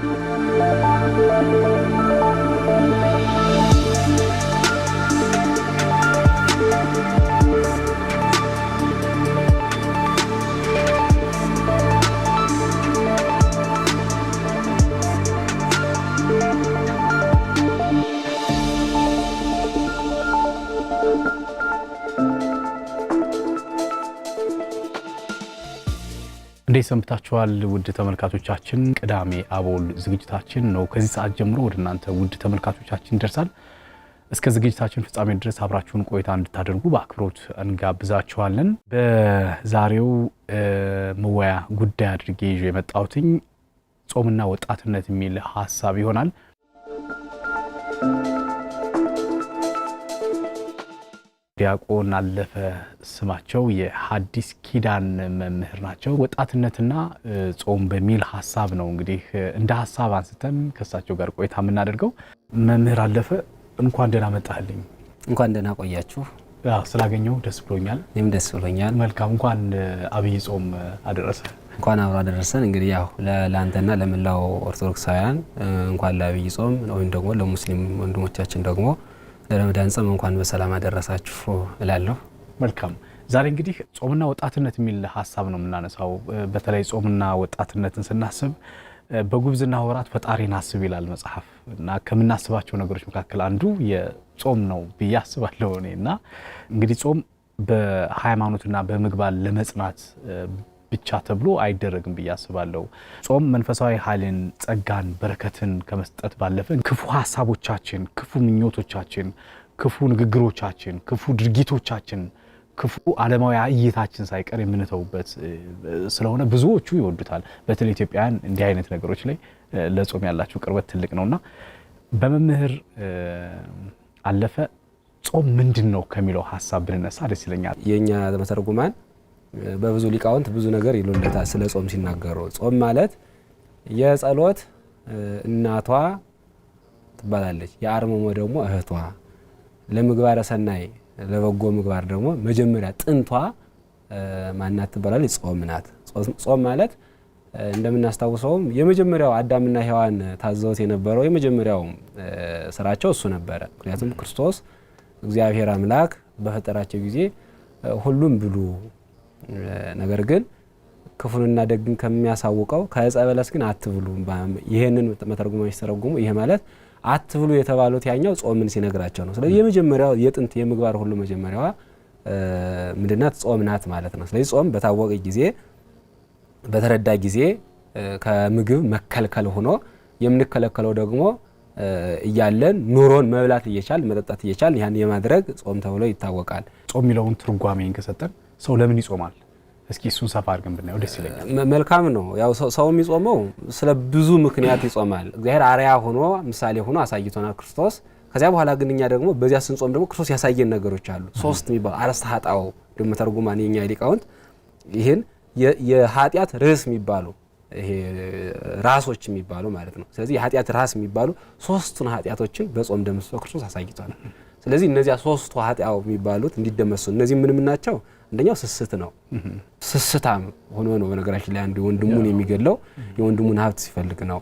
Thank you. እንዴት ሰንብታችኋል ውድ ተመልካቾቻችን? ቅዳሜ አቦል ዝግጅታችን ነው ከዚህ ሰዓት ጀምሮ ወደ እናንተ ውድ ተመልካቾቻችን ይደርሳል። እስከ ዝግጅታችን ፍጻሜ ድረስ አብራችሁን ቆይታ እንድታደርጉ በአክብሮት እንጋብዛችኋለን። በዛሬው መወያ ጉዳይ አድርጌ ይዤ የመጣሁትኝ ጾምና ወጣትነት የሚል ሀሳብ ይሆናል። ዲያቆን አለፈ ስማቸው የሐዲስ ኪዳን መምህር ናቸው። ወጣትነትና ጾም በሚል ሀሳብ ነው እንግዲህ እንደ ሀሳብ አንስተን ከእሳቸው ጋር ቆይታ የምናደርገው። መምህር አለፈ እንኳን ደህና መጣህልኝ። እንኳን ደህና ቆያችሁ። ስላገኘው ደስ ብሎኛል። እኔም ደስ ብሎኛል። መልካም። እንኳን አብይ ጾም አደረሰ። እንኳን አብሮ አደረሰን። እንግዲህ ያው ለአንተና ለመላው ኦርቶዶክሳውያን እንኳን ለአብይ ጾም ወይም ደግሞ ለሙስሊም ወንድሞቻችን ደግሞ ለረመዳን ጾም እንኳን በሰላም አደረሳችሁ እላለሁ። መልካም። ዛሬ እንግዲህ ጾምና ወጣትነት የሚል ሀሳብ ነው የምናነሳው። በተለይ ጾምና ወጣትነትን ስናስብ በጉብዝና ወራት ፈጣሪን አስብ ይላል መጽሐፍ እና ከምናስባቸው ነገሮች መካከል አንዱ የጾም ነው ብዬ አስባለሁ እኔ እና እንግዲህ ጾም በሃይማኖትና በምግባር ለመጽናት ብቻ ተብሎ አይደረግም ብዬ አስባለሁ። ጾም መንፈሳዊ ኃይልን፣ ጸጋን፣ በረከትን ከመስጠት ባለፈ ክፉ ሀሳቦቻችን፣ ክፉ ምኞቶቻችን፣ ክፉ ንግግሮቻችን፣ ክፉ ድርጊቶቻችን ክፉ ዓለማዊ እይታችን ሳይቀር የምንተውበት ስለሆነ ብዙዎቹ ይወዱታል። በተለይ ኢትዮጵያውያን እንዲህ አይነት ነገሮች ላይ ለጾም ያላቸው ቅርበት ትልቅ እና በመምህር አለፈ ጾም ምንድን ነው ከሚለው ሀሳብ ብንነሳ ደስ ይለኛል። የእኛ መተርጉማን በብዙ ሊቃውንት ብዙ ነገር ይሉለታል ስለ ጾም ሲናገሩ። ጾም ማለት የጸሎት እናቷ ትባላለች፣ የአርምሞ ደግሞ እህቷ፣ ለምግባረ ሰናይ ለበጎ ምግባር ደግሞ መጀመሪያ ጥንቷ ማናት ትባላለች? ጾም ናት። ጾም ማለት እንደምናስታውሰውም የመጀመሪያው አዳምና ሔዋን ታዘውት የነበረው የመጀመሪያው ስራቸው እሱ ነበረ። ምክንያቱም ክርስቶስ እግዚአብሔር አምላክ በፈጠራቸው ጊዜ ሁሉም ብሉ ነገር ግን ክፉንና ደግን ከሚያሳውቀው ከዕፀ በለስ ግን አትብሉ። ይህንን መተርጉማ ሲተረጉሙ ይህ ማለት አትብሉ የተባሉት ያኛው ጾምን ሲነግራቸው ነው። ስለዚህ የመጀመሪያው የጥንት የምግባር ሁሉ መጀመሪያዋ ምንድናት? ጾም ናት ማለት ነው። ስለዚህ ጾም በታወቀ ጊዜ በተረዳ ጊዜ ከምግብ መከልከል ሆኖ የምንከለከለው ደግሞ እያለን ኑሮን መብላት እየቻል መጠጣት እየቻል ያን የማድረግ ጾም ተብሎ ይታወቃል። ጾም የሚለውን ትርጓሜን ከሰጠን ሰው ለምን ይጾማል? እስኪ እሱን ሰፋ አድርገን ብናየው ደስ ይለኛል። መልካም ነው። ያው ሰው የሚጾመው ስለ ብዙ ምክንያት ይጾማል። እግዚአብሔር አርያ ሆኖ ምሳሌ ሆኖ አሳይቶናል ክርስቶስ። ከዚያ በኋላ ግን እኛ ደግሞ በዚያ ስንጾም ደግሞ ክርስቶስ ያሳየን ነገሮች አሉ። ሶስት የሚባሉ አረስተ ኃጣው ደግሞ ተርጉማን የኛ ሊቃውንት ይህን የኃጢአት ርዕስ የሚባሉ ይሄ ራሶች የሚባሉ ማለት ነው። ስለዚህ የኃጢአት ራስ የሚባሉ ሶስቱን ኃጢአቶችን በጾም ደምስሶ ክርስቶስ አሳይቷል። ስለዚህ እነዚያ ሶስቱ ኃጢአው የሚባሉት እንዲደመሱ እነዚህ ምንም ናቸው? አንደኛው ስስት ነው። ስስታም ሆኖ ነው በነገራችን ላይ አንድ ወንድሙን የሚገለው የወንድሙን ሀብት ሲፈልግ ነው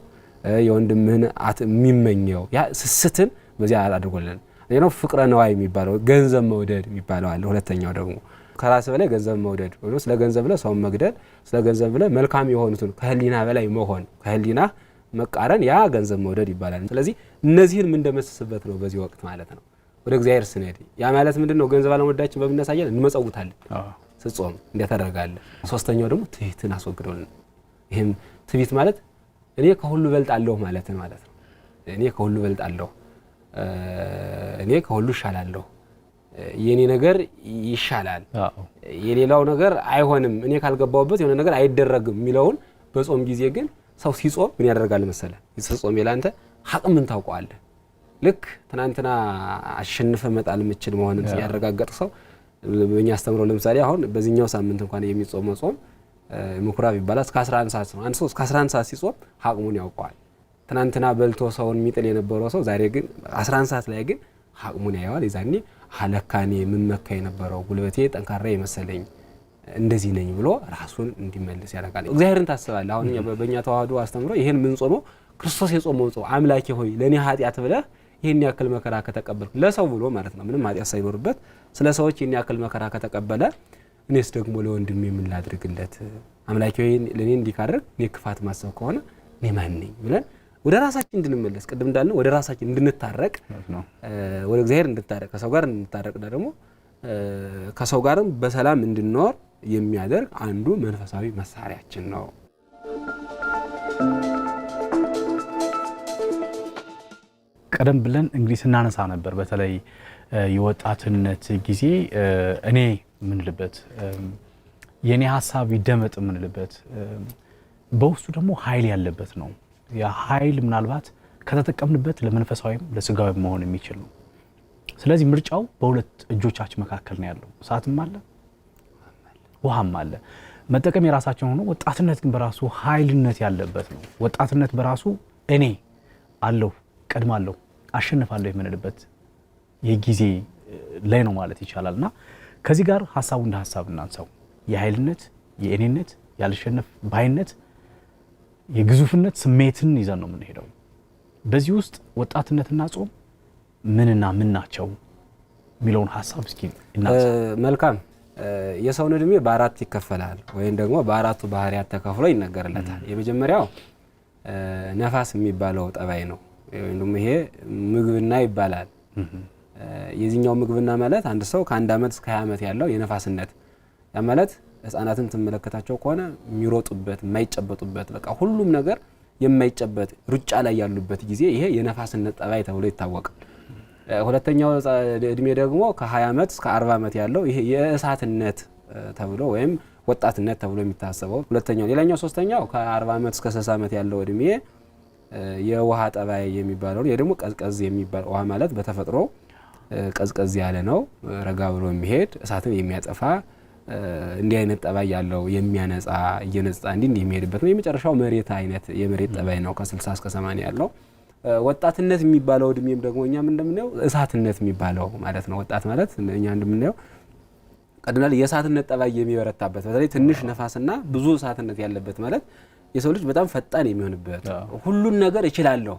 የወንድምህን የሚመኘው ያ ስስትን በዚያ አድርጎልን። ሌላው ፍቅረ ነዋይ የሚባለው ገንዘብ መውደድ የሚባለው አለ። ሁለተኛው ደግሞ ከራስ በላይ ገንዘብ መውደድ፣ ወይ ስለ ገንዘብ ብለህ ሰውን መግደል፣ ስለ ገንዘብ ብለህ መልካም የሆኑትን ከህሊና በላይ መሆን፣ ከህሊና መቃረን፣ ያ ገንዘብ መውደድ ይባላል። ስለዚህ እነዚህን የምንደመስስበት ነው በዚህ ወቅት ማለት ነው። ወደ እግዚአብሔር ስንሄድ ያ ማለት ምንድን ነው? ገንዘብ አለመወዳችን በምናሳየን እንመጸውታለን። ስጾም እንዴት ሶስተኛው ደግሞ ትህትን አስወግደውልን። ይህም ትቢት ማለት እኔ ከሁሉ እበልጣለሁ ማለት ነው ማለት ነው። እኔ ከሁሉ እበልጣለሁ፣ እኔ ከሁሉ እሻላለሁ፣ የኔ ነገር ይሻላል፣ የሌላው ነገር አይሆንም፣ እኔ ካልገባሁበት የሆነ ነገር አይደረግም የሚለውን በጾም ጊዜ ግን ሰው ሲጾም ምን ያደርጋል መሰለ? ስትጾም ይላል አንተ ሀቅምን ታውቀዋለህ ልክ ትናንትና አሸንፈ መጣል የምችል መሆንን ያረጋገጥ ሰው በእኛ አስተምሮ ለምሳሌ አሁን በዚህኛው ሳምንት እንኳን የሚጾመ ጾም ምኩራብ ይባላል። እስከ 11 ሰዓት ነው። አንድ ሰው እስከ 11 ሰዓት ሲጾም ሀቅሙን ያውቀዋል። ትናንትና በልቶ ሰውን የሚጥል የነበረው ሰው ዛሬ ግን 11 ሰዓት ላይ ግን ሀቅሙን ያየዋል። የዛኔ አለካኔ የምመካ የነበረው ጉልበቴ ጠንካራ የመሰለኝ እንደዚህ ነኝ ብሎ ራሱን እንዲመልስ ያደርጋል። እግዚአብሔርን ታስባለህ። አሁን በእኛ ተዋህዶ አስተምሮ ይህን ጾመው ክርስቶስ የጾመው ጾም አምላኬ ሆይ ለእኔ ኃጢአት ብለህ ይህን ያክል መከራ ከተቀበልኩ ለሰው ብሎ ማለት ነው፣ ምንም ኃጢአት ሳይኖርበት ስለ ሰዎች ይህን ያክል መከራ ከተቀበለ እኔስ ደግሞ ለወንድሜ ምን ላድርግለት? አምላኬ ለእኔ እንዲህ ካደረግ እኔ ክፋት ማሰብ ከሆነ እኔ ማን ነኝ ብለን ወደ ራሳችን እንድንመለስ፣ ቅድም እንዳልነው ወደ ራሳችን እንድንታረቅ፣ ወደ እግዚአብሔር እንድታረቅ ከሰው ጋር እንድንታረቅ ደግሞ ከሰው ጋርም በሰላም እንድንኖር የሚያደርግ አንዱ መንፈሳዊ መሳሪያችን ነው። ቀደም ብለን እንግዲህ ስናነሳ ነበር በተለይ የወጣትነት ጊዜ እኔ የምንልበት የእኔ ሀሳብ ይደመጥ የምንልበት በውስጡ ደግሞ ኃይል ያለበት ነው። ያ ኃይል ምናልባት ከተጠቀምንበት ለመንፈሳዊም ለስጋዊ መሆን የሚችል ነው። ስለዚህ ምርጫው በሁለት እጆቻችን መካከል ነው ያለው። እሳትም አለ፣ ውሃም አለ። መጠቀም የራሳችን ሆኖ ወጣትነት ግን በራሱ ኃይልነት ያለበት ነው። ወጣትነት በራሱ እኔ አለሁ ቀድማለሁ አሸንፋለሁ የምንልበት የጊዜ ላይ ነው ማለት ይቻላል። እና ከዚህ ጋር ሀሳቡ እንደ ሀሳብ እናንሳው። የኃይልነት፣ የእኔነት፣ ያልሸነፍ ባይነት፣ የግዙፍነት ስሜትን ይዘን ነው የምንሄደው። በዚህ ውስጥ ወጣትነትና ጾም ምንና ምን ናቸው የሚለውን ሀሳብ እስኪ መልካም የሰውን እድሜ በአራት ይከፈላል ወይም ደግሞ በአራቱ ባህሪያት ተከፍሎ ይነገርለታል። የመጀመሪያው ነፋስ የሚባለው ጠባይ ነው። ወይም ደግሞ ይሄ ምግብና ይባላል። የዚህኛው ምግብና ማለት አንድ ሰው ከአንድ ዓመት እስከ 20 ዓመት ያለው የነፋስነት ያ ማለት ህጻናትን ትመለከታቸው ከሆነ የሚሮጡበት የማይጨበጡበት በቃ ሁሉም ነገር የማይጨበጥ ሩጫ ላይ ያሉበት ጊዜ ይሄ የነፋስነት ጠባይ ተብሎ ይታወቃል። ሁለተኛው እድሜ ደግሞ ከ20 ዓመት እስከ 40 ዓመት ያለው ይሄ የእሳትነት ተብሎ ወይም ወጣትነት ተብሎ የሚታሰበው ሁለተኛው። ሌላኛው ሶስተኛው ከ40 ዓመት እስከ 60 ዓመት ያለው እድሜ የውሃ ጠባይ የሚባለው ነው። ደግሞ ቀዝቀዝ የሚባል ውሃ ማለት በተፈጥሮ ቀዝቀዝ ያለ ነው፣ ረጋ ብሎ የሚሄድ እሳትን የሚያጠፋ እንዲህ አይነት ጠባይ ያለው የሚያነጻ እየነጻ እንዲህ እንዲህ የሚሄድበት ነው። የመጨረሻው መሬት አይነት የመሬት ጠባይ ነው፣ ከ60 እስከ 80 ያለው ወጣትነት የሚባለው እድሜም ደግሞ እኛም እንደምናየው እሳትነት የሚባለው ማለት ነው። ወጣት ማለት እኛ እንደምናየው ቀድናል የእሳትነት ጠባይ የሚበረታበት በተለይ ትንሽ ነፋስና ብዙ እሳትነት ያለበት ማለት የሰው ልጅ በጣም ፈጣን የሚሆንበት ሁሉን ነገር እችላለሁ፣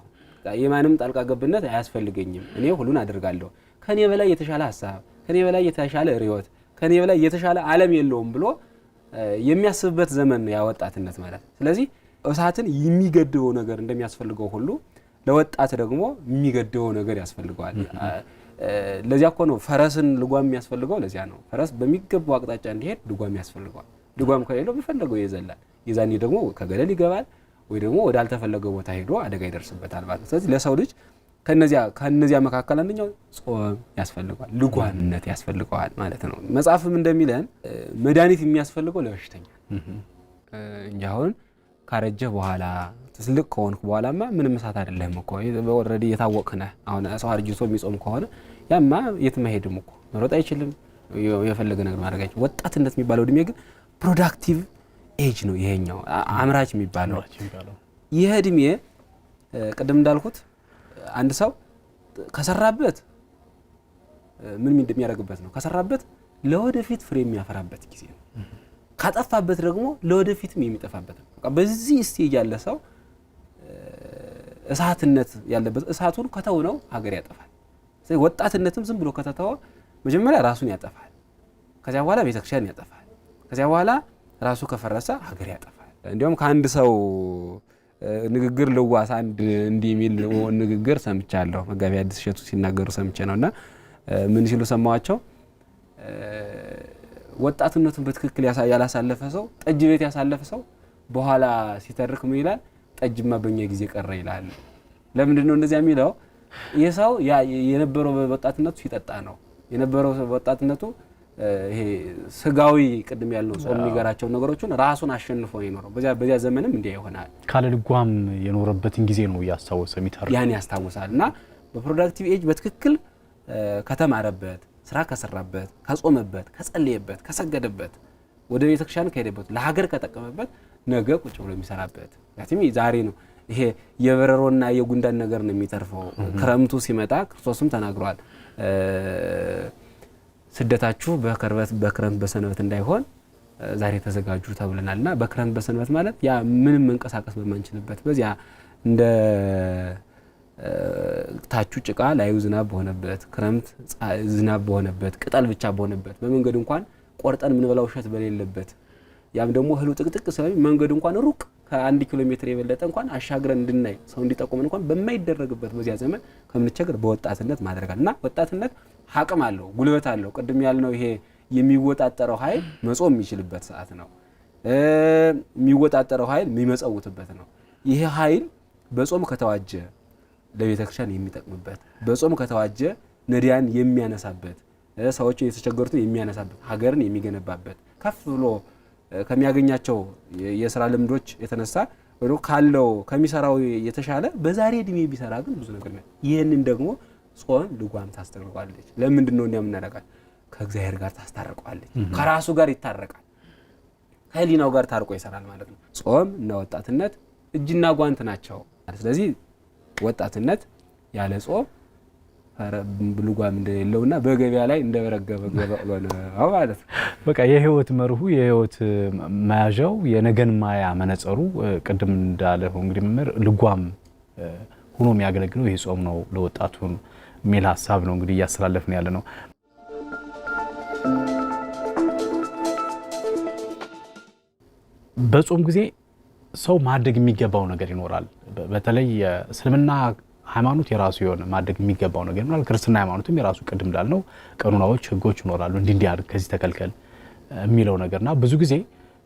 የማንም ጣልቃ ገብነት አያስፈልገኝም፣ እኔ ሁሉን አድርጋለሁ ከኔ በላይ የተሻለ ሀሳብ፣ ከኔ በላይ የተሻለ ርዕዮት፣ ከኔ በላይ የተሻለ ዓለም የለውም ብሎ የሚያስብበት ዘመን ነው ያ ወጣትነት ማለት። ስለዚህ እሳትን የሚገድበው ነገር እንደሚያስፈልገው ሁሉ ለወጣት ደግሞ የሚገድበው ነገር ያስፈልገዋል። ለዚያ እኮ ነው ፈረስን ልጓም የሚያስፈልገው። ለዚያ ነው ፈረስ በሚገባው አቅጣጫ እንዲሄድ ልጓም ያስፈልገዋል። ልጓም ከሌለው በፈለገው ይዘላል። የዛኔ ደግሞ ከገደል ይገባል ወይ ደግሞ ወደ ወዳልተፈለገው ቦታ ሄዶ አደጋ ይደርስበታል ማለት ስለዚህ ለሰው ልጅ ከነዚያ ከነዚያ መካከል አንደኛው ጾም ያስፈልገዋል፣ ልጓምነት ያስፈልገዋል ማለት ነው። መጽሐፍም እንደሚለን መድኃኒት የሚያስፈልገው ለበሽተኛ እንጂ አሁን ካረጀ በኋላ ትልቅ ከሆንክ በኋላማ ምንም እሳት አይደለም እኮ ኦልሬዲ የታወቅህ ነህ። አሁን ሰው አርጅቶ የሚጾም ከሆነ ያማ የት መሄድም እኮ መሮጥ አይችልም፣ የፈለገ ነገር ማድረግ አይችልም። ወጣትነት የሚባለው እድሜ ግን ፕሮዳክቲቭ ኤጅ ነው ይሄኛው አምራች የሚባለው። ይህ እድሜ ቅድም እንዳልኩት አንድ ሰው ከሰራበት ምን እንደሚያደርግበት ነው። ከሰራበት ለወደፊት ፍሬ የሚያፈራበት ጊዜ ነው። ካጠፋበት ደግሞ ለወደፊትም የሚጠፋበት ነው። በዚህ ስቴጅ ያለ ሰው እሳትነት ያለበት እሳቱን ከተው ነው ሀገር ያጠፋል። ወጣትነትም ዝም ብሎ ከተተወ መጀመሪያ ራሱን ያጠፋል። ከዚያ በኋላ ቤተክርስቲያን ያጠፋል። ከዚያ በኋላ ራሱ ከፈረሰ ሀገር ያጠፋል። እንዲሁም ከአንድ ሰው ንግግር ልዋስ አንድ እንዲህ የሚል ንግግር ሰምቻለሁ። መጋቢ አዲስ እሸቱ ሲናገሩ ሰምቼ ነው እና ምን ሲሉ ሰማዋቸው? ወጣትነቱን በትክክል ያላሳለፈ ሰው ጠጅ ቤት ያሳለፈ ሰው በኋላ ሲተርክ ምን ይላል? ጠጅማ በኛ ጊዜ ቀረ ይላል። ለምንድን ነው እንደዚያ የሚለው? ይህ ሰው የነበረው ወጣትነቱ ሲጠጣ ነው የነበረው ወጣትነቱ ይሄ ስጋዊ ቅድም ያልነው ጾም የሚገራቸው ነገሮችን ራሱን አሸንፎ ነው የኖረው። በዚያ ዘመንም እንዲያ ይሆናል። ልጓም የኖረበትን ጊዜ ነው እያስታወሰ የሚተር ያን ያስታውሳል እና በፕሮዳክቲቭ ኤጅ በትክክል ከተማረበት ስራ ከሰራበት ከጾመበት ከጸለየበት ከሰገደበት ወደ ቤተክርስቲያን ከሄደበት ለሀገር ከጠቀመበት ነገ ቁጭ ብሎ የሚሰራበት ያትም ዛሬ ነው። ይሄ የበረሮና የጉንዳን ነገር ነው የሚተርፈው። ክረምቱ ሲመጣ ክርስቶስም ተናግሯል። ስደታችሁ በከርበት በክረምት በሰንበት እንዳይሆን ዛሬ ተዘጋጁ ተብለናል እና በክረምት በሰንበት ማለት ያ ምንም መንቀሳቀስ በማንችልበት በዚያ እንደ ታቹ ጭቃ ላዩ ዝናብ በሆነበት ክረምት ዝናብ በሆነበት ቅጠል ብቻ በሆነበት በመንገድ እንኳን ቆርጠን የምንበላው እሸት በሌለበት ያም ደግሞ እህሉ ጥቅጥቅ ስለሚ መንገድ እንኳን ሩቅ ከአንድ ኪሎ ሜትር የበለጠ እንኳን አሻግረን እንድናይ ሰው እንዲጠቁመን እንኳን በማይደረግበት በዚያ ዘመን ከምንቸገር በወጣትነት ማድረጋል እና ወጣትነት አቅም አለው፣ ጉልበት አለው። ቅድም ያልነው ይሄ የሚወጣጠረው ኃይል መጾም የሚችልበት ሰዓት ነው። የሚወጣጠረው ኃይል የሚመጸውትበት ነው። ይሄ ኃይል በጾም ከተዋጀ ለቤተ ክርስቲያን የሚጠቅምበት፣ በጾም ከተዋጀ ነዳያን የሚያነሳበት፣ ሰዎችን የተቸገሩትን የሚያነሳበት፣ ሀገርን የሚገነባበት ከፍ ብሎ ከሚያገኛቸው የስራ ልምዶች የተነሳ ካለው ከሚሰራው የተሻለ በዛሬ እድሜ ቢሰራ ግን ብዙ ነገር ይህንን ደግሞ ጾም ልጓም ታስታርቋለች። ለምንድን ነው እንዲያ ከእግዚአብሔር ጋር ታስታርቋለች። ከራሱ ጋር ይታረቃል፣ ከህሊናው ጋር ታርቆ ይሰራል ማለት ነው። ጾም እና ወጣትነት እጅና ጓንት ናቸው። ስለዚህ ወጣትነት ያለ ጾም ልጓም እንደሌለውና በገበያ ላይ እንደበረገበ ማለት ነው። በቃ የህይወት መርሁ የህይወት መያዣው የነገን ማያ መነጸሩ ቅድም እንዳለ እንግዲህ መምህር ልጓም ሆኖ የሚያገለግለው ይህ ጾም ነው ለወጣቱን የሚል ሀሳብ ነው እንግዲህ እያስተላለፍን ያለ ነው። በጾም ጊዜ ሰው ማድረግ የሚገባው ነገር ይኖራል። በተለይ እስልምና ሃይማኖት የራሱ የሆነ ማድረግ የሚገባው ነገር ይኖራል። ክርስትና ሃይማኖትም የራሱ ቅድም እንዳልነው ቀኖናዎች፣ ህጎች ይኖራሉ። እንዲህ እንዲህ አድርግ፣ ከዚህ ተከልከል የሚለው ነገርና ብዙ ጊዜ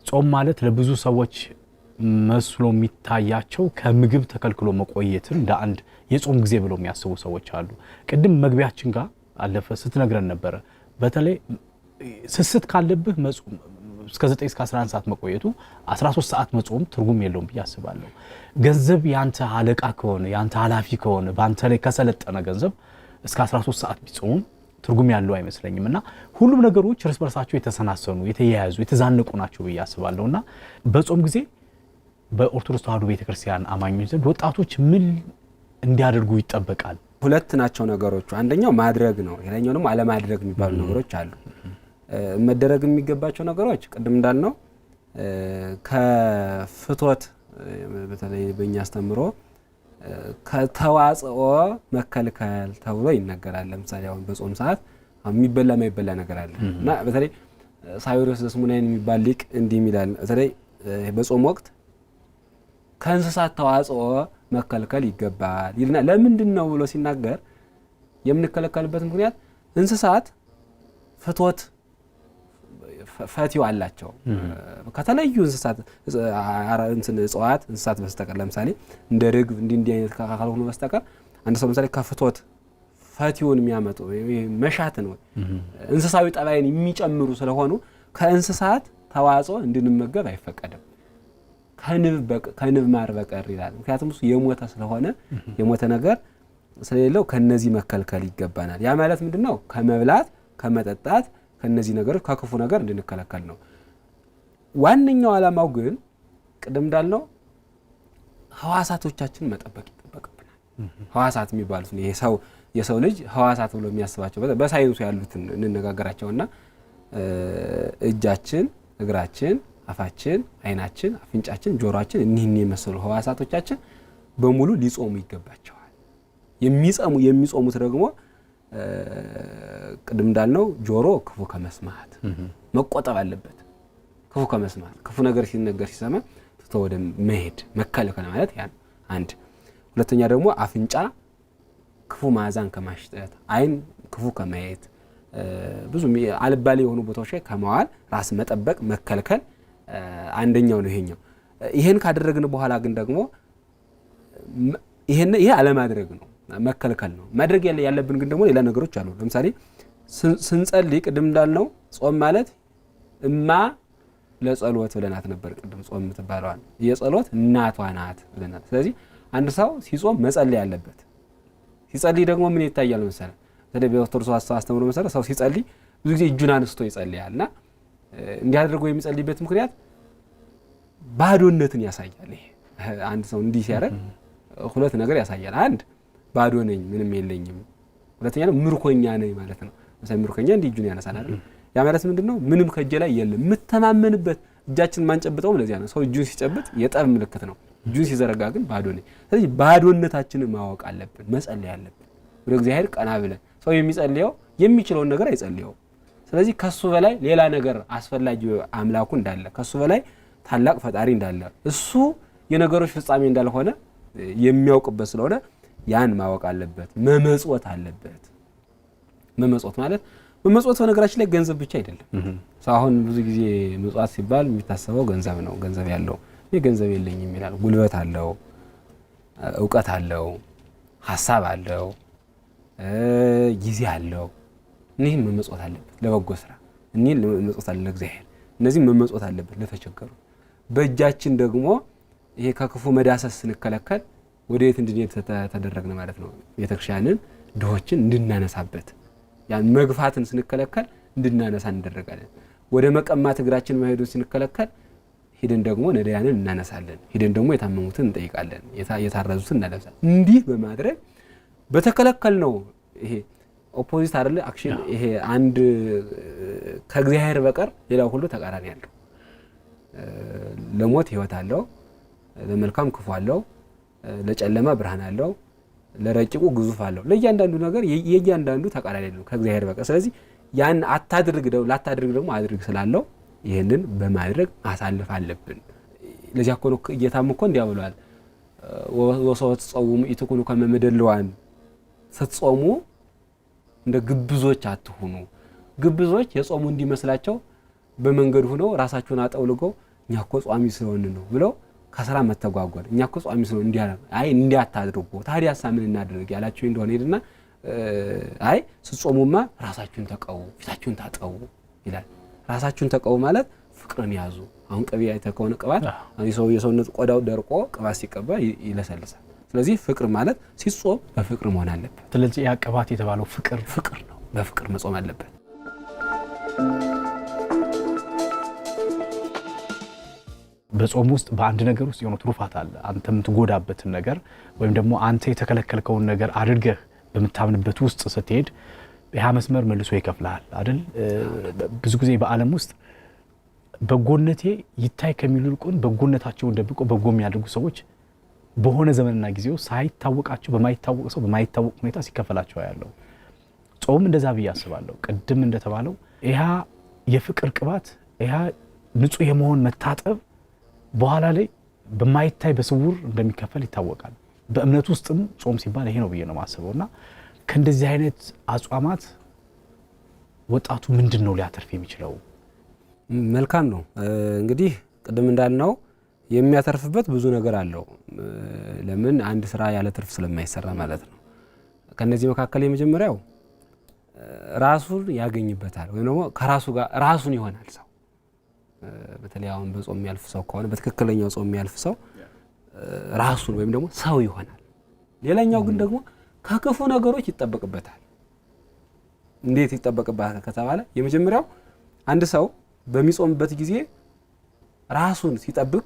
ጾም ማለት ለብዙ ሰዎች መስሎ የሚታያቸው ከምግብ ተከልክሎ መቆየትን እንደ አንድ የጾም ጊዜ ብለው የሚያስቡ ሰዎች አሉ። ቅድም መግቢያችን ጋር አለፈ ስትነግረን ነበረ። በተለይ ስስት ካለብህ መጾም እስከ 9 እስከ 11 ሰዓት መቆየቱ 13 ሰዓት መጾም ትርጉም የለውም ብዬ አስባለሁ። ገንዘብ ያንተ አለቃ ከሆነ ያንተ ኃላፊ ከሆነ በአንተ ላይ ከሰለጠነ ገንዘብ እስከ 13 ሰዓት ቢጾሙም ትርጉም ያለው አይመስለኝም። እና ሁሉም ነገሮች እርስ በርሳቸው የተሰናሰኑ፣ የተያያዙ፣ የተዛነቁ ናቸው ብዬ አስባለሁ። እና በጾም ጊዜ በኦርቶዶክስ ተዋህዶ ቤተክርስቲያን አማኞች ዘንድ ወጣቶች ምን እንዲያደርጉ ይጠበቃል። ሁለት ናቸው ነገሮቹ። አንደኛው ማድረግ ነው፣ ሌላኛው ደግሞ አለማድረግ የሚባሉ ነገሮች አሉ። መደረግ የሚገባቸው ነገሮች ቅድም እንዳልነው ከፍቶት በተለይ በእኛ አስተምሮ ከተዋጽኦ መከልከል ተብሎ ይነገራል። ለምሳሌ አሁን በጾም ሰዓት የሚበላ የማይበላ ነገር አለ እና በተለይ ሳዊሮስ ዘስሙናይን የሚባል ሊቅ እንዲህ ይላል። በተለይ በጾም ወቅት ከእንስሳት ተዋጽኦ መከልከል ይገባል ይልና ለምንድን ነው ብሎ ሲናገር የምንከለከልበት ምክንያት እንስሳት ፍትወት ፈቲው አላቸው። ከተለዩ እንስሳት እጽዋት እንስሳት በስተቀር ለምሳሌ እንደ ርግብ እንዲህ እንዲህ አይነት ሆኖ በስተቀር አንድ ሰው ለምሳሌ ከፍትወት ፈቲውን የሚያመጡ መሻትን ወይ እንስሳዊ ጠባይን የሚጨምሩ ስለሆኑ ከእንስሳት ተዋጽኦ እንድንመገብ አይፈቀድም። ከንብ ማር በቀር ይላል። ምክንያቱም እሱ የሞተ ስለሆነ የሞተ ነገር ስለሌለው ከነዚህ መከልከል ይገባናል። ያ ማለት ምንድን ነው? ከመብላት፣ ከመጠጣት፣ ከነዚህ ነገሮች ከክፉ ነገር እንድንከለከል ነው። ዋነኛው ዓላማው ግን ቅድም እንዳልነው ህዋሳቶቻችን መጠበቅ ይጠበቅብናል። ህዋሳት የሚባሉት ሰው የሰው ልጅ ህዋሳት ብሎ የሚያስባቸው በሳይንሱ ያሉትን እንነጋገራቸውና እጃችን፣ እግራችን አፋችን፣ አይናችን፣ አፍንጫችን፣ ጆሮአችን እኒህን የመሰሉ ህዋሳቶቻችን በሙሉ ሊጾሙ ይገባቸዋል። የሚጸሙ የሚጾሙት ደግሞ ቅድም እንዳልነው ጆሮ ክፉ ከመስማት መቆጠብ አለበት። ክፉ ከመስማት ክፉ ነገር ሲነገር ሲሰማ ትቶ ወደ መሄድ መከልከል ማለት ያ አንድ። ሁለተኛ ደግሞ አፍንጫ ክፉ መዓዛን ከማሽጠት፣ አይን ክፉ ከማየት፣ ብዙ አልባሌ የሆኑ ቦታዎች ላይ ከመዋል ራስ መጠበቅ መከልከል አንደኛው ነው ይሄኛው። ይሄን ካደረግን በኋላ ግን ደግሞ ይሄን ይሄ አለማድረግ ነው መከልከል ነው። ማድረግ ያለብን ግን ደግሞ ሌላ ነገሮች አሉ። ለምሳሌ ስንጸልይ ቅድም እንዳልነው ጾም ማለት እማ ለጸሎት ብለናት ነበር። ቅድም ጾም የምትባለዋል የጸሎት እናቷ ናት ብለናት። ስለዚህ አንድ ሰው ሲጾም መጸለይ ያለበት ሲጸልይ ደግሞ ምን ይታያል መሰለ በኦርቶዶክስ አስተምሮ መሰረት ሰው ሲጸልይ ብዙ ጊዜ እጁን አንስቶ ይጸልያልና እንዲያደርገው የሚጸልይበት ምክንያት ባዶነትን ያሳያል። ይሄ አንድ ሰው እንዲህ ሲያደርግ ሁለት ነገር ያሳያል። አንድ ባዶ ነኝ፣ ምንም የለኝም። ሁለተኛ ነው ምርኮኛ ነኝ ማለት ነው። ለምሳሌ ምርኮኛ እንዲህ እጁን ያነሳል አይደል? ያ ማለት ምንድን ነው? ምንም ከእጄ ላይ የለም የምተማመንበት። እጃችን ማንጨብጠውም ለዚያ ነው። ሰው እጁን ሲጨብጥ የጠብ ምልክት ነው። እጁን ሲዘረጋ ግን ባዶ ነኝ። ስለዚህ ባዶነታችንን ማወቅ አለብን፣ መጸለይ አለብን ወደ እግዚአብሔር ቀና ብለን። ሰው የሚጸልየው የሚችለውን ነገር አይጸልየው ስለዚህ ከሱ በላይ ሌላ ነገር አስፈላጊ አምላኩ እንዳለ ከሱ በላይ ታላቅ ፈጣሪ እንዳለ እሱ የነገሮች ፍጻሜ እንዳልሆነ የሚያውቅበት ስለሆነ ያን ማወቅ አለበት፣ መመጽወት አለበት። መመጽወት ማለት መመጽወት በነገራችን ላይ ገንዘብ ብቻ አይደለም። አሁን ብዙ ጊዜ ምጽዋት ሲባል የሚታሰበው ገንዘብ ነው። ገንዘብ ያለው ገንዘብ የለኝም ይላል። ጉልበት አለው፣ እውቀት አለው፣ ሀሳብ አለው፣ ጊዜ አለው እኒህም መመጽወት አለበት ለበጎ ስራ፣ እኒህን መመጽወት አለ ለእግዚአብሔር፣ እነዚህም መመጽወት አለበት ለተቸገሩ። በእጃችን ደግሞ ይሄ ከክፉ መዳሰስ ስንከለከል ወደ የት እንድንሄድ ተደረግን ማለት ነው። ቤተክርስቲያንን ድሆችን እንድናነሳበት ያን መግፋትን ስንከለከል እንድናነሳ እንደረጋለን። ወደ መቀማት እግራችን መሄዱን ስንከለከል ሂደን ደግሞ ነዳያንን እናነሳለን። ሂደን ደግሞ የታመሙትን እንጠይቃለን፣ የታረዙትን እናለብሳለን። እንዲህ በማድረግ ነው ይሄ ኦፖዚት አይደለ አክሽን ይሄ አንድ ከእግዚአብሔር በቀር ሌላው ሁሉ ተቃራኒ አለው። ለሞት ህይወት አለው፣ ለመልካም ክፉ አለው፣ ለጨለማ ብርሃን አለው፣ ለረጭቁ ግዙፍ አለው። ለእያንዳንዱ ነገር የእያንዳንዱ ተቃራኒ አለው ከእግዚአብሔር በቀር። ስለዚህ ያን አታድርግ ደግሞ ላታድርግ ደግሞ አድርግ ስላለው ይህንን በማድረግ ማሳልፍ አለብን። ለዚያ እኮ ነው ጌታም እኮ እንዲያ ብሏል፣ ወሰው ትጾሙ ኢትኩኑ ከመ ምድር ለዋን ስትጾሙ እንደ ግብዞች አትሁኑ። ግብዞች የጾሙ እንዲመስላቸው በመንገድ ሁነው ራሳቸውን አጠውልገው እኛ እኮ ጿሚ ስለሆን ነው ብለው ከስራ መተጓጓል። እኛ እኮ ጿሚ ስለሆን እንዲያ አይ እንዲያታድርጉ ታዲያሳ ምን እናደርግ ያላቸው እንደሆነ ሄድና አይ ስጾሙማ ራሳችሁን ተቀቡ፣ ፊታችሁን ታጠቡ ይላል። ራሳችሁን ተቀቡ ማለት ፍቅርን ያዙ። አሁን ቅቤ አይተህ ከሆነ ቅባት የሰውነት ቆዳው ደርቆ ቅባት ሲቀባ ይለሰልሳል። ስለዚህ ፍቅር ማለት ሲጾም በፍቅር መሆን አለበት። ስለዚህ ያቀባት የተባለው ፍቅር ፍቅር ነው፣ በፍቅር መጾም አለበት። በጾም ውስጥ በአንድ ነገር ውስጥ የሆነ ትሩፋት አለ። አንተ የምትጎዳበትን ነገር ወይም ደግሞ አንተ የተከለከልከውን ነገር አድርገህ በምታምንበት ውስጥ ስትሄድ ያ መስመር መልሶ ይከፍልሃል አይደል? ብዙ ጊዜ በዓለም ውስጥ በጎነቴ ይታይ ከሚሉ ይልቁን በጎነታቸውን ደብቆ በጎ የሚያደርጉ ሰዎች በሆነ ዘመንና ጊዜው ሳይታወቃቸው በማይታወቅ ሰው በማይታወቅ ሁኔታ ሲከፈላቸው ያለው ጾም እንደዛ ብዬ አስባለሁ። ቅድም እንደተባለው ያ የፍቅር ቅባት ያ ንጹህ የመሆን መታጠብ በኋላ ላይ በማይታይ በስውር እንደሚከፈል ይታወቃል። በእምነት ውስጥም ጾም ሲባል ይሄ ነው ብዬ ነው የማስበው እና ከእንደዚህ አይነት አጽዋማት ወጣቱ ምንድን ነው ሊያተርፍ የሚችለው? መልካም ነው እንግዲህ ቅድም እንዳልነው የሚያተርፍበት ብዙ ነገር አለው። ለምን አንድ ስራ ያለ ትርፍ ስለማይሰራ ማለት ነው። ከነዚህ መካከል የመጀመሪያው ራሱን ያገኝበታል ወይም ደግሞ ከራሱ ጋር ራሱን ይሆናል ሰው። በተለይ አሁን በጾም የሚያልፍ ሰው ከሆነ በትክክለኛው ጾም የሚያልፍ ሰው ራሱን ወይም ደግሞ ሰው ይሆናል። ሌላኛው ግን ደግሞ ከክፉ ነገሮች ይጠበቅበታል። እንዴት ይጠበቅበታል ከተባለ የመጀመሪያው አንድ ሰው በሚጾምበት ጊዜ ራሱን ሲጠብቅ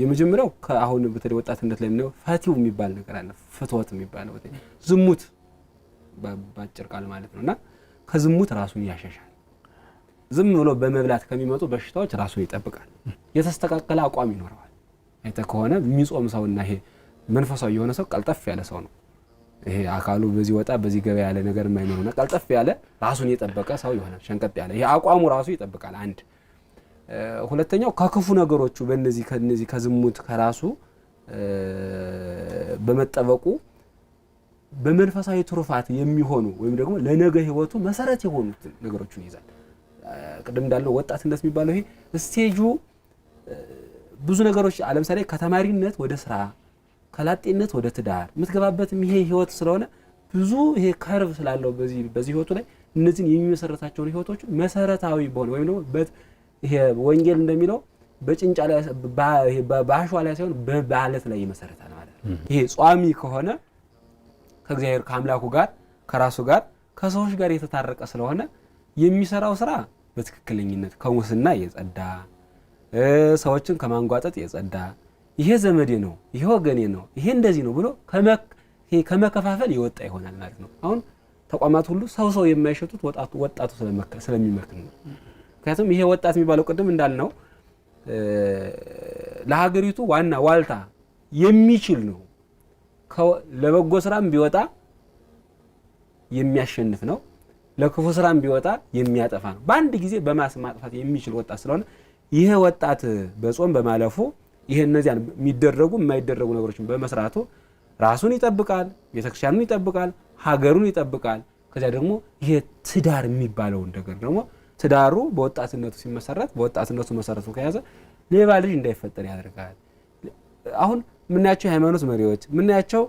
የመጀመሪያው ከአሁን በተለይ ወጣትነት ላይ የምናየው ፈቲው የሚባል ነገር አለ። ፍትወት የሚባለው ዝሙት ባጭር ቃል ማለት ነው እና ከዝሙት ራሱን ያሸሻል። ዝም ብሎ በመብላት ከሚመጡ በሽታዎች ራሱን ይጠብቃል። የተስተካከለ አቋም ይኖረዋል። አይተ ከሆነ የሚጾም ሰውና ይሄ መንፈሳዊ የሆነ ሰው ቀልጠፍ ያለ ሰው ነው። ይሄ አካሉ በዚህ ወጣ በዚህ ገበያ ያለ ነገር የማይኖረውና ቀልጠፍ ያለ ራሱን የጠበቀ ሰው ይሆናል። ሸንቀጥ ያለ ይሄ አቋሙ ራሱ ይጠብቃል። አንድ ሁለተኛው ከክፉ ነገሮቹ በእነዚህ ከነዚህ ከዝሙት ከራሱ በመጠበቁ በመንፈሳዊ ትሩፋት የሚሆኑ ወይም ደግሞ ለነገ ህይወቱ መሰረት የሆኑት ነገሮችን ይይዛል። ቅድም እንዳለው ወጣትነት የሚባለው ይሄ ስቴጁ ብዙ ነገሮች ለምሳሌ ከተማሪነት ወደ ስራ፣ ከላጤነት ወደ ትዳር የምትገባበት ይሄ ህይወት ስለሆነ ብዙ ይሄ ከርቭ ስላለው በዚህ ህይወቱ ላይ እነዚህን የሚመሰረታቸውን ህይወቶች መሰረታዊ በሆነ ወይም ደግሞ ይሄ ወንጌል እንደሚለው በጭንጫ ላይ በአሸዋ ላይ ሳይሆን በአለት ላይ ይመሰረታል ማለት ነው። ይሄ ጿሚ ከሆነ ከእግዚአብሔር ከአምላኩ ጋር ከራሱ ጋር ከሰዎች ጋር የተታረቀ ስለሆነ የሚሰራው ስራ በትክክለኝነት ከሙስና የጸዳ ሰዎችን ከማንጓጠጥ የጸዳ ይሄ ዘመዴ ነው፣ ይሄ ወገኔ ነው፣ ይሄ እንደዚህ ነው ብሎ ከመከፋፈል የወጣ ይሆናል ማለት ነው። አሁን ተቋማት ሁሉ ሰው ሰው የማይሸጡት ወጣቱ ስለሚመክን ነው። ምክንያቱም ይሄ ወጣት የሚባለው ቅድም እንዳልነው ለሀገሪቱ ዋና ዋልታ የሚችል ነው። ለበጎ ስራም ቢወጣ የሚያሸንፍ ነው። ለክፉ ስራም ቢወጣ የሚያጠፋ ነው። በአንድ ጊዜ በማስ ማጥፋት የሚችል ወጣት ስለሆነ ይሄ ወጣት በጾም በማለፉ ይሄ እነዚያን የሚደረጉ የማይደረጉ ነገሮችን በመስራቱ ራሱን ይጠብቃል፣ ቤተክርስቲያኑን ይጠብቃል፣ ሀገሩን ይጠብቃል። ከዚያ ደግሞ ይሄ ትዳር የሚባለውን ነገር ደግሞ ትዳሩ በወጣትነቱ ሲመሰረት በወጣትነቱ መሰረቱ ከያዘ ሌባ ልጅ እንዳይፈጠር ያደርጋል። አሁን የምናያቸው የሃይማኖት መሪዎች የምናያቸው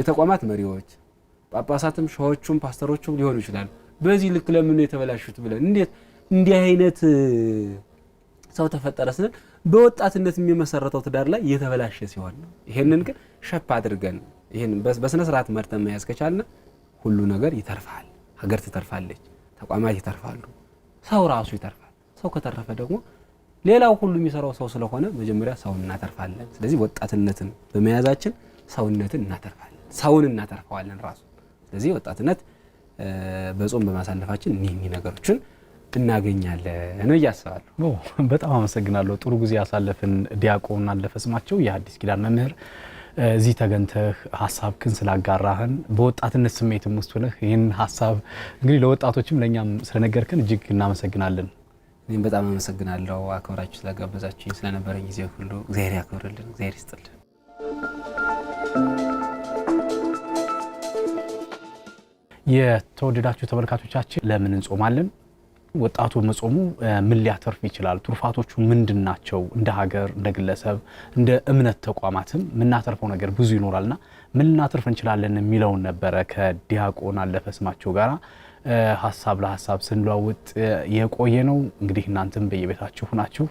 የተቋማት መሪዎች ጳጳሳትም፣ ሸዎቹም፣ ፓስተሮቹም ሊሆኑ ይችላሉ። በዚህ ልክ ለምን የተበላሹት ብለን እንዴት እንዲህ አይነት ሰው ተፈጠረ ስንል በወጣትነት የሚመሰረተው ትዳር ላይ የተበላሸ ሲሆን ነው። ይሄንን ግን ሸፕ አድርገን ይሄንን በስነ ስርዓት መያዝ ከቻልን ሁሉ ነገር ይተርፋል፣ ሀገር ትተርፋለች። ተቋማት ይተርፋሉ፣ ሰው ራሱ ይተርፋል። ሰው ከተረፈ ደግሞ ሌላው ሁሉ የሚሰራው ሰው ስለሆነ መጀመሪያ ሰውን እናተርፋለን። ስለዚህ ወጣትነትን በመያዛችን ሰውነትን እናተርፋለን፣ ሰውን እናተርፈዋለን ራሱ። ስለዚህ ወጣትነት በጾም በማሳለፋችን እኒህ እኒህ ነገሮችን እናገኛለን ብዬ በጣም አመሰግናለሁ። ጥሩ ጊዜ ያሳለፍን ዲያቆን አለፈ ስማቸው የአዲስ ኪዳን መምህር እዚህ ተገንተህ ክን ስላጋራህን በወጣትነት ስሜትም ውስጥ ሆነህ ይህን ሀሳብ እንግዲህ ለወጣቶችም ለእኛም ስለነገርክን እጅግ እናመሰግናለን። እኔም በጣም አመሰግናለሁ አክብራችሁ ስለጋበዛችሁኝ ስለነበረኝ ጊዜ ሁሉ እግዚአብሔር ያክብርልን፣ እግዚአብሔር ይስጥልን። የተወደዳችሁ ተመልካቾቻችን ለምን እንጾማለን ወጣቱ መጾሙ ምን ሊያተርፍ ይችላል? ቱርፋቶቹ ምንድን ናቸው? እንደ ሀገር፣ እንደ ግለሰብ፣ እንደ እምነት ተቋማትም የምናተርፈው ነገር ብዙ ይኖራልና ምን ልናተርፍ እንችላለን የሚለውን ነበረ ከዲያቆን አለፈ ስማቸው ጋር ሀሳብ ለሀሳብ ስንለዋውጥ የቆየ ነው። እንግዲህ እናንተም በየቤታችሁ ናችሁ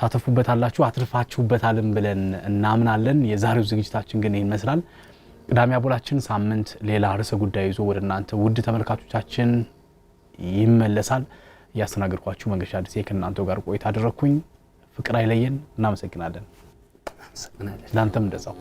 ታተርፉበታላችሁ፣ አትርፋችሁበታልም ብለን እናምናለን። የዛሬው ዝግጅታችን ግን ይህን ይመስላል። ቅዳሜ አቦላችን ሳምንት ሌላ ርዕሰ ጉዳይ ይዞ ወደ እናንተ ውድ ተመልካቾቻችን ይመለሳል። እያስተናገድኳችሁ መንገሻ አዲሴ ከእናንተ ጋር ቆይታ አደረግኩኝ። ፍቅር አይለየን። እናመሰግናለን። እናንተም እንደዛው